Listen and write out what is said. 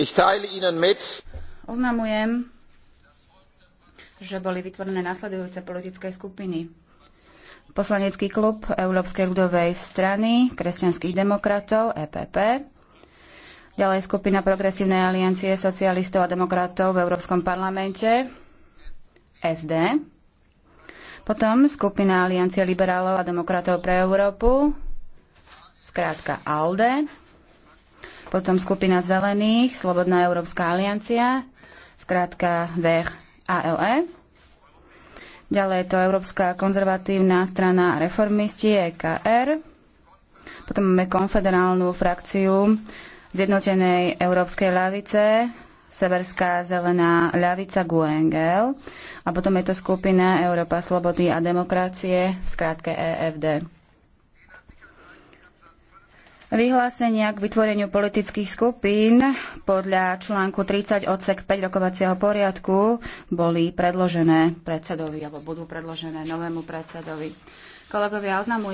Ich teile Ihnen mit, Oznamujem, že boli vytvorené následujúce politické skupiny. Poslanecký klub Európskej ľudovej strany kresťanských demokratov EPP, ďalej skupina Progresívnej aliancie socialistov a demokratov v Európskom parlamente SD, potom skupina Aliancie liberálov a demokratov pre Európu, skrátka ALDE, potom skupina zelených, Slobodná Európska aliancia, skrátka VER ALE. Ďalej je to Európska konzervatívna strana reformisti EKR. Potom máme konfederálnu frakciu Zjednotenej európskej ľavice, Severská zelená ľavica Guengel. A potom je to skupina Európa slobody a demokracie, v skratke EFD. Vyhlásenia k vytvoreniu politických skupín podľa článku 30 odsek 5 rokovacieho poriadku boli predložené predsedovi alebo budú predložené novému predsedovi. Kolegovia, oznamujem